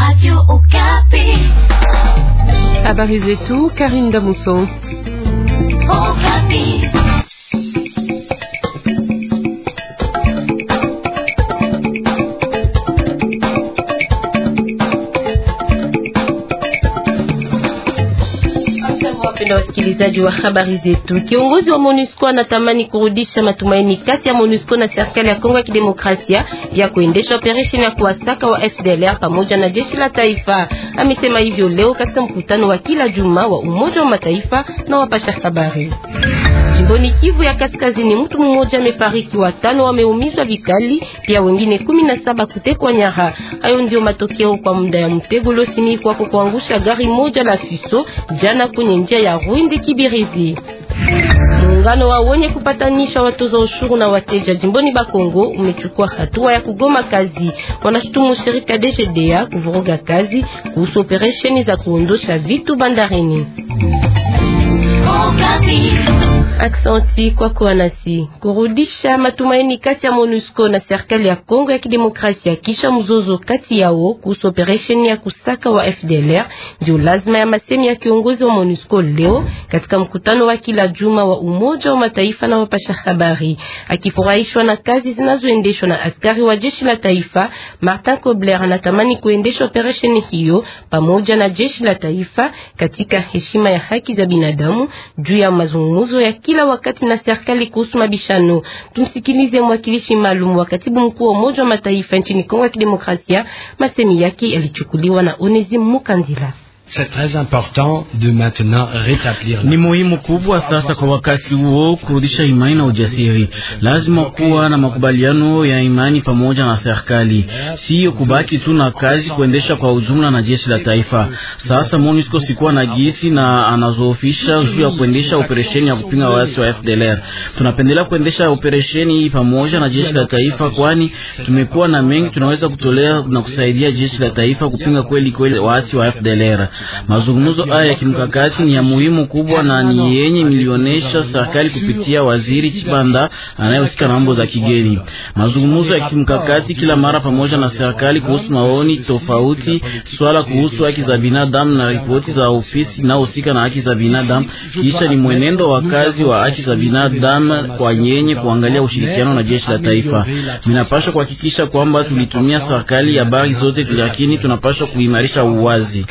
Radio Okapi. Habari zetu, Karinda Muso. Okapi. wapenda wasikilizaji wa habari zetu. Kiongozi wa MONUSCO anatamani kurudisha matumaini kati ya MONUSCO na serikali ya Kongo ya Kidemokrasia ya kuendesha operesheni ya kuwasaka wa FDLR pamoja na jeshi la taifa. Amesema hivyo leo katika mkutano wa kila juma wa Umoja wa Mataifa na wapasha habari. Jimboni Kivu ya Kaskazini, mtu mmoja amefariki, watano wameumizwa vikali, pia wengine kumi na saba kutekwa nyara. Hayo ndio matokeo kwa muda ya mtego uliosimikwa kwa kuangusha gari moja la Fiso jana kwenye njia ya Ruindi Kibirizi. Muungano wa wenye kupatanisha watoza ushuru na wateja jimboni Bakongo umechukua hatua ya kugoma kazi. Wanashutumu shirika DGDA kuvuruga kazi kuhusu operesheni za kuondosha vitu bandarini. Aksanti kwa kuwa nasi kurudisha matumaini kati ya MONUSCO na serikali ya Kongo ya Kidemokrasia kisha mzozo kati yao kuhusu operesheni ya kusaka wa FDLR ndio lazima ya masemi ya kiongozi wa MONUSCO leo katika mkutano wa kila juma wa Umoja wa Mataifa na wapasha habari. Akifurahishwa na kazi zinazoendeshwa na askari wa jeshi la taifa, Martin Kobler anatamani kuendesha operesheni hiyo pamoja na jeshi la taifa katika heshima ya haki za binadamu juu ya mazungumzo ya kila wakati na serikali kuhusu mabishano. Tumsikilize mwakilishi maalum wa katibu mkuu wa Umoja wa Mataifa nchini Kongo ya Kidemokrasia. Masemi yake yalichukuliwa na Onesimu Mukandila. Ni muhimu kubwa sasa kwa wakati huo kurudisha imani na ujasiri. Lazima kuwa na makubaliano ya imani pamoja na serikali, siyo kubaki tu na kazi kuendesha kwa ujumla na jeshi la taifa. Sasa MONUSCO sikuwa na gisi na anazoofisha juu ya kuendesha operesheni ya kupinga waasi wa FDLR. Tunapendelea kuendesha operesheni hii pamoja na jeshi la taifa, kwani tumekuwa na mengi tunaweza kutolea na kusaidia jeshi la taifa kupinga kweli kweli waasi wa FDLR. Mazungumzo haya ya kimkakati ni ya muhimu kubwa na ni yenye milionesha serikali kupitia waziri Chibanda anayehusika na mambo za kigeni. Mazungumzo ya kimkakati kila mara pamoja na serikali kuhusu maoni tofauti, swala kuhusu haki za binadamu na ripoti za ofisi inayohusika na haki za binadamu. Kisha ni mwenendo wa kazi wa haki za binadamu kwa yenye kuangalia ushirikiano na jeshi la taifa. Ninapaswa kuhakikisha kwamba tulitumia serikali habari zote, lakini tunapaswa kuimarisha uwazi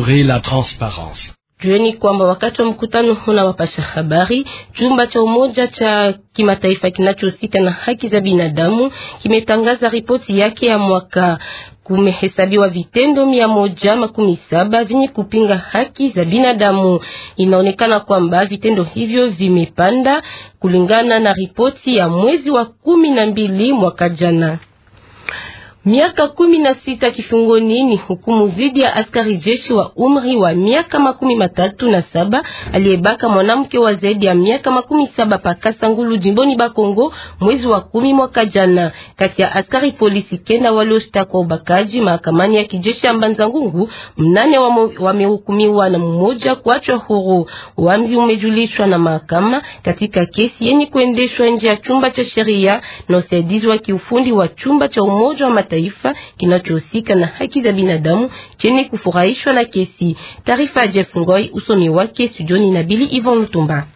améliorer la transparence. Jueni kwamba wakati wa mkutano huu na wapasha habari, chumba cha Umoja cha Kimataifa kinachohusika na haki za binadamu kimetangaza ripoti yake ya mwaka. Kumehesabiwa vitendo mia moja makumi saba vyenye kupinga haki za binadamu. Inaonekana kwamba vitendo hivyo vimepanda kulingana na ripoti ya mwezi wa kumi na mbili mwaka jana miaka kumi na sita kifungoni ni hukumu dhidi ya askari jeshi wa umri wa miaka makumi matatu na saba aliyebaka mwanamke wa zaidi ya miaka makumi saba Pakasangulu jimboni Bakongo mwezi wa kumi mwaka jana. Kati ya askari polisi kenda walioshtaki ubakaji mahakamani ya kijeshi ya Mbanza Ngungu, mnane wamehukumiwa na mmoja kuachwa huru. Uamuzi umejulishwa na mahakama katika kesi yenye kuendeshwa nje ya chumba cha sheria na usaidizi wa kiufundi wa chumba cha Umoja wa Mataifa taifa kinachohusika na haki za binadamu chenye kufurahishwa na kesi. Taarifa ya Jeff Ngoi, usomi wake studioni na Bili Ivan Lutumba.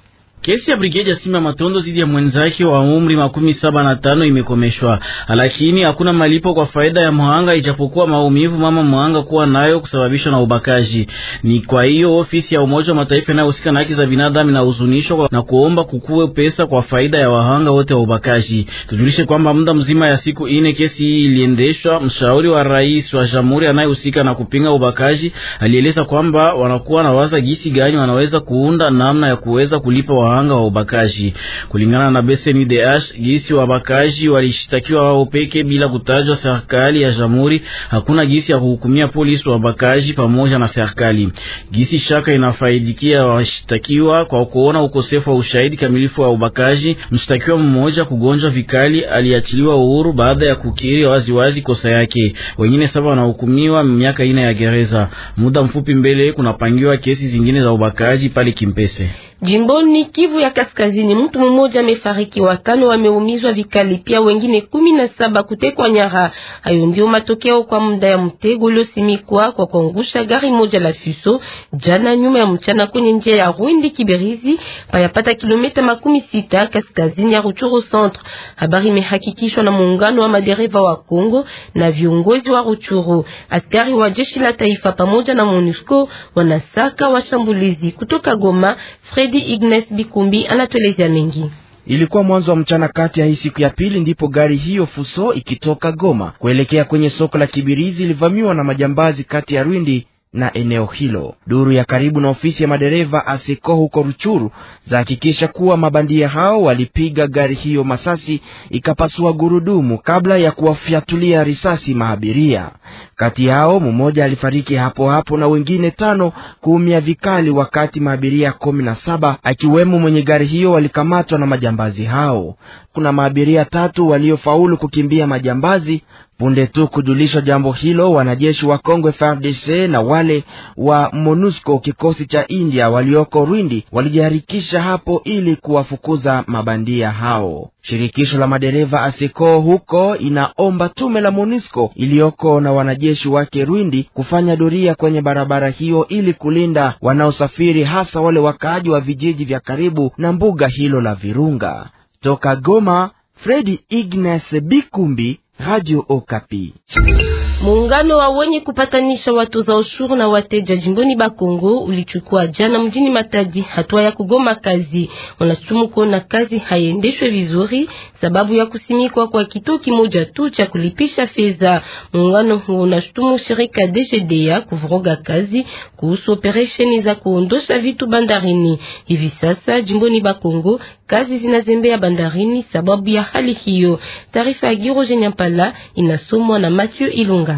Kesi ya brigedia Sima Matondo dhidi ya mwenzake wa umri makumi saba na tano imekomeshwa, lakini hakuna malipo kwa faida ya mhanga, ijapokuwa maumivu mama mhanga kuwa nayo kusababishwa na ubakaji. Ni kwa hiyo ofisi ya Umoja wa Mataifa inayohusika na haki za binadamu inahuzunishwa na kuomba kukuwe pesa kwa faida ya wahanga wote wa ubakaji. Tujulishe kwamba muda mzima ya siku ine kesi hii iliendeshwa. Mshauri wa rais wa jamhuri anayehusika na kupinga ubakaji alieleza kwamba wanakuwa na waza gisi gani wanaweza kuunda namna ya kuweza kulipa wahanga wahanga wa ubakaji. Kulingana na BCNUDH, gisi wabakaji walishtakiwa wao peke bila kutajwa serikali ya jamhuri. Hakuna gisi ya kuhukumia polisi wabakaji pamoja na serikali. Gisi shaka inafaidikia washtakiwa kwa kuona ukosefu wa ushahidi kamilifu wa ubakaji. Mshtakiwa mmoja kugonjwa vikali aliachiliwa uhuru baada ya kukiri waziwazi kosa yake. Wengine saba wanahukumiwa miaka ine ya gereza. Muda mfupi mbele kunapangiwa kesi zingine za ubakaji pale Kimpese. Jimboni Kivu ya Kaskazini, mtu mmoja amefariki, watano wameumizwa vikali, pia wengine kumi na saba kutekwa nyara. Hayo ndio matokeo kwa muda ya mtego uliosimikwa kwa kuangusha gari moja la fuso jana nyuma ya mchana kwenye njia ya Rwindi Kiberizi, payapata kilomita makumi sita kaskazini ya Ruchuru Centre. Habari imehakikishwa na muungano wa madereva wa Kongo na viongozi wa Ruchuru. Askari wa jeshi la taifa pamoja na MONUSCO wanasaka washambulizi kutoka Goma. Fred Bibi Ignace Bikumbi anatuelezea mengi. Ilikuwa mwanzo wa mchana kati ya hii siku ya pili ndipo gari hiyo fuso ikitoka Goma kuelekea kwenye soko la Kibirizi ilivamiwa na majambazi kati ya Rwindi na eneo hilo. Duru ya karibu na ofisi ya madereva asiko huko Ruchuru zahakikisha kuwa mabandia hao walipiga gari hiyo masasi ikapasua gurudumu kabla ya kuwafyatulia risasi maabiria. Kati yao mmoja alifariki hapo hapo na wengine tano kuumia vikali, wakati maabiria kumi na saba akiwemo mwenye gari hiyo walikamatwa na majambazi hao. Kuna maabiria tatu waliofaulu kukimbia majambazi. Punde tu kujulishwa jambo hilo, wanajeshi wa Kongo frdc na wale wa MONUSCO kikosi cha India walioko Rwindi walijiharikisha hapo ili kuwafukuza mabandia hao. Shirikisho la madereva asiko e huko inaomba tume la MONUSCO iliyoko na wanajeshi wanajeshi wake Rwindi kufanya doria kwenye barabara hiyo ili kulinda wanaosafiri, hasa wale wakaaji wa vijiji vya karibu na mbuga hilo la Virunga. Toka Goma, Fredi Ignace Bikumbi, Radio Okapi. Muungano wa wenye kupatanisha watu za ushuru na wateja jimboni Bakongo ulichukua jana mjini Matadi hatua ya kugoma kazi. Wanashutumu kuona kazi haiendeshwe vizuri sababu ya kusimikwa kwa kituo kimoja tu cha kulipisha fedha. Muungano huo unashutumu shirika DGDA kuvuruga kazi kuhusu operesheni za kuondosha vitu bandarini. Hivi sasa jimboni Bakongo kazi zinazembea bandarini sababu ya hali hiyo. Taarifa ya Giro Jenyampala inasomwa na Mathieu Ilunga.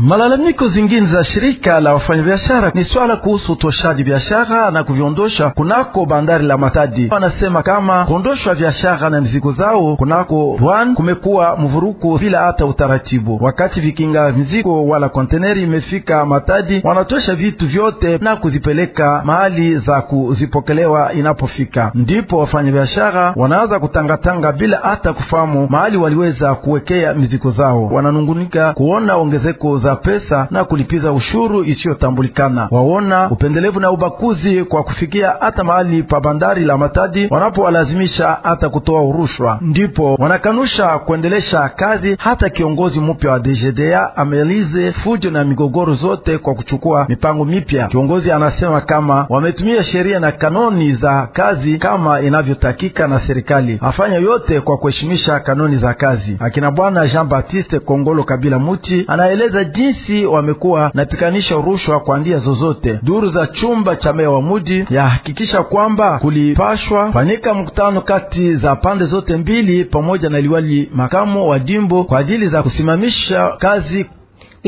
Malalamiko zingine za shirika la wafanyabiashara ni swala kuhusu utoshaji biashara na kuviondosha kunako bandari la Matadi. Wanasema kama kuondoshwa biashara na mizigo zao kunako bwan kumekuwa mvuruko bila hata utaratibu. Wakati vikinga mizigo wala konteneri imefika Matadi, wanatosha vitu vyote na kuzipeleka mahali za kuzipokelewa. Inapofika ndipo wafanyabiashara wanaanza kutangatanga bila hata kufahamu mahali waliweza kuwekea mizigo zao. Wananungunika kuona ongezeko za za pesa na kulipiza ushuru isiyotambulikana. Waona upendelevu na ubakuzi kwa kufikia hata mahali pa bandari la Matadi wanapowalazimisha hata kutoa urushwa, ndipo wanakanusha kuendelesha kazi. Hata kiongozi mpya wa DGDA amelize fujo na migogoro zote kwa kuchukua mipango mipya. Kiongozi anasema kama wametumia sheria na kanoni za kazi kama inavyotakika na serikali, afanya yote kwa kuheshimisha kanoni za kazi. Akina bwana Jean Baptiste Kongolo Kabila Muti anaeleza jinsi wamekuwa napikanisha rushwa kwa njia zozote. Duru za chumba cha meya wa muji yahakikisha kwamba kulipashwa fanyika mkutano kati za pande zote mbili pamoja na liwali makamu wa jimbo kwa ajili za kusimamisha kazi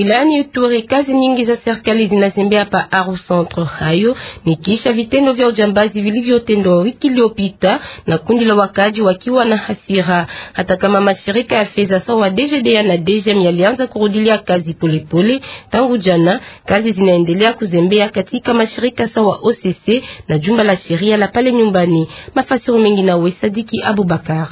Wilayani Ituri kazi nyingi za serikali zinazembea pa Aru Centre. Hayo ni kisha vitendo vya ujambazi vilivyotendwa wiki iliyopita na kundi la wakaji wakiwa na hasira, hata kama mashirika ya fedha sawa DGDA na DGM yalianza kurudilia kazi polepole pole. Tangu jana kazi zinaendelea kuzembea katika mashirika sawa OCC na jumba la sheria la pale nyumbani. Mafasiri mengi na Wesadiki Abubakar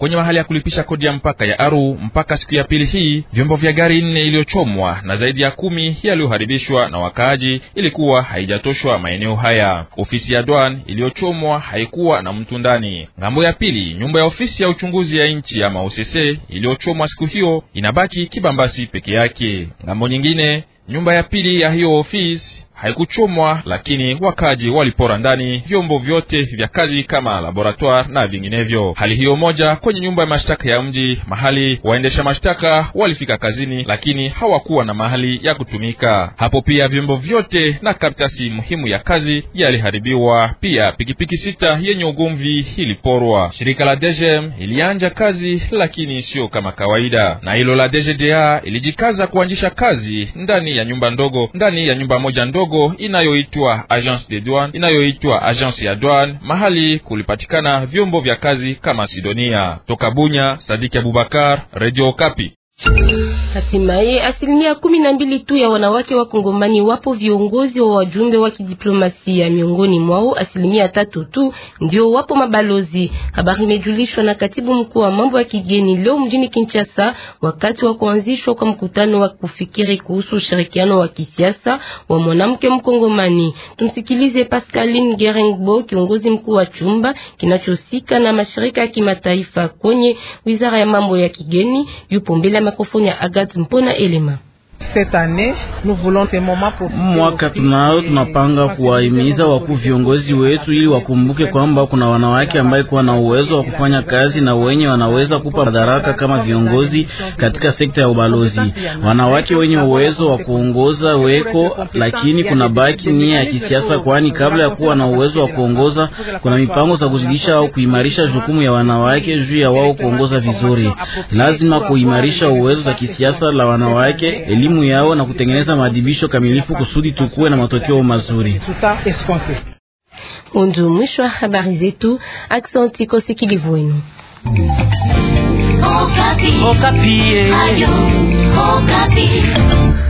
kwenye mahali ya kulipisha kodi ya mpaka ya Aru. Mpaka siku ya pili hii, vyombo vya gari nne iliyochomwa na zaidi ya kumi yaliyoharibishwa na wakaaji ilikuwa haijatoshwa maeneo haya. Ofisi ya dwan iliyochomwa haikuwa na mtu ndani. Ngambo ya pili, nyumba ya ofisi ya uchunguzi ya nchi ya Mausese iliyochomwa siku hiyo inabaki kibambasi peke yake. Ngambo nyingine, nyumba ya pili ya hiyo ofisi haikuchomwa, lakini wakaji walipora ndani vyombo vyote vya kazi kama laboratoire na vinginevyo. Hali hiyo moja kwenye nyumba ya mashtaka ya mji, mahali waendesha mashtaka walifika kazini, lakini hawakuwa na mahali ya kutumika hapo. Pia vyombo vyote na karatasi muhimu ya kazi yaliharibiwa, pia pikipiki sita yenye ugomvi iliporwa. Shirika la DGM ilianja kazi, lakini sio kama kawaida, na hilo la DGDA ilijikaza kuanzisha kazi ndani ya nyumba ndogo, ndani ya nyumba moja ndogo ndogo inayoitwa agence de douane inayoitwa agence ya douane, mahali kulipatikana vyombo vya kazi kama Sidonia. Toka Bunya, Sadiki Abubakar, Radio kapi Hatimaye asilimia kumi na mbili tu ya wanawake wa Kongomani wapo viongozi wa wajumbe wa kidiplomasia. Miongoni mwao asilimia tatu tu ndio wapo mabalozi. Habari imejulishwa na katibu mkuu wa mambo ya kigeni leo mjini Kinshasa, wakati wa kuanzishwa kwa mkutano wa kufikiri kuhusu ushirikiano wa kisiasa wa mwanamke Mkongomani. Tumsikilize Pascaline Gerengbo, kiongozi mkuu wa chumba kinachohusika na mashirika ya kimataifa kwenye wizara ya mambo ya kigeni, yupo mbele kufunya Agathe Mpona Elema. Mwaka tunao tunapanga kuwahimiza wakuu viongozi wetu ili wakumbuke kwamba kuna wanawake ambaye kuwa na uwezo wa kufanya kazi na wenye wanaweza kupa madaraka kama viongozi katika sekta ya ubalozi. Wanawake wenye uwezo wa kuongoza weko, lakini kuna baki nia ya kisiasa, kwani kabla ya kuwa na uwezo wa kuongoza kuna mipango za kuzidisha au kuimarisha jukumu ya wanawake juu ya wao kuongoza vizuri. Lazima kuimarisha uwezo za kisiasa la wanawake elimu elimu yao na kutengeneza maadhibisho kamilifu kusudi tukuwe na matokeo mazuri. Mundu mwisho wa habari zetu. Aksanti kwa usikilivu wenu. Okapi. Okapi. Ayo. Okapi.